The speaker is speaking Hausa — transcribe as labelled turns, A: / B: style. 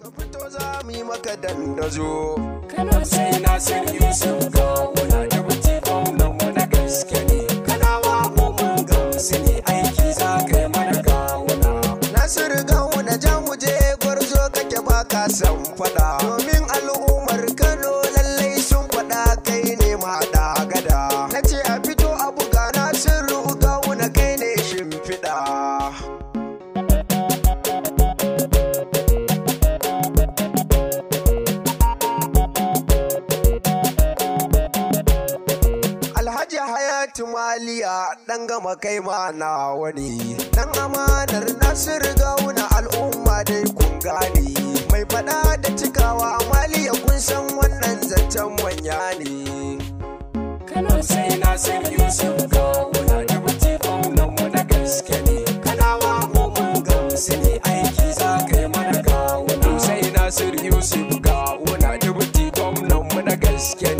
A: Ka fito za mu yi maka dandazo. Kana sai na san Yusuf ga
B: muna da wuce aunan mu na gaske ne. Kana ma mu mun gamsu ne aiki za ka yi mana gawuna. Nasiru gawuna ja mu je gwarzo kake baka san faɗa. Domin al'ummar Kano Alhaji Hayatu Maliya ɗan gama kai na wani. Ɗan amanar Nasiru gauna al'umma dai kun gane. Mai faɗa da cikawa Maliya kun san wannan zancen manya ne. Kano sai Nasir Yusuf gauna da mace faunan mu na
A: gaske ne. wa mu mun gamsu ne aiki za ka yi mana gauna. Sai Nasir Yusuf gauna da mace faunan mu na gaske ne.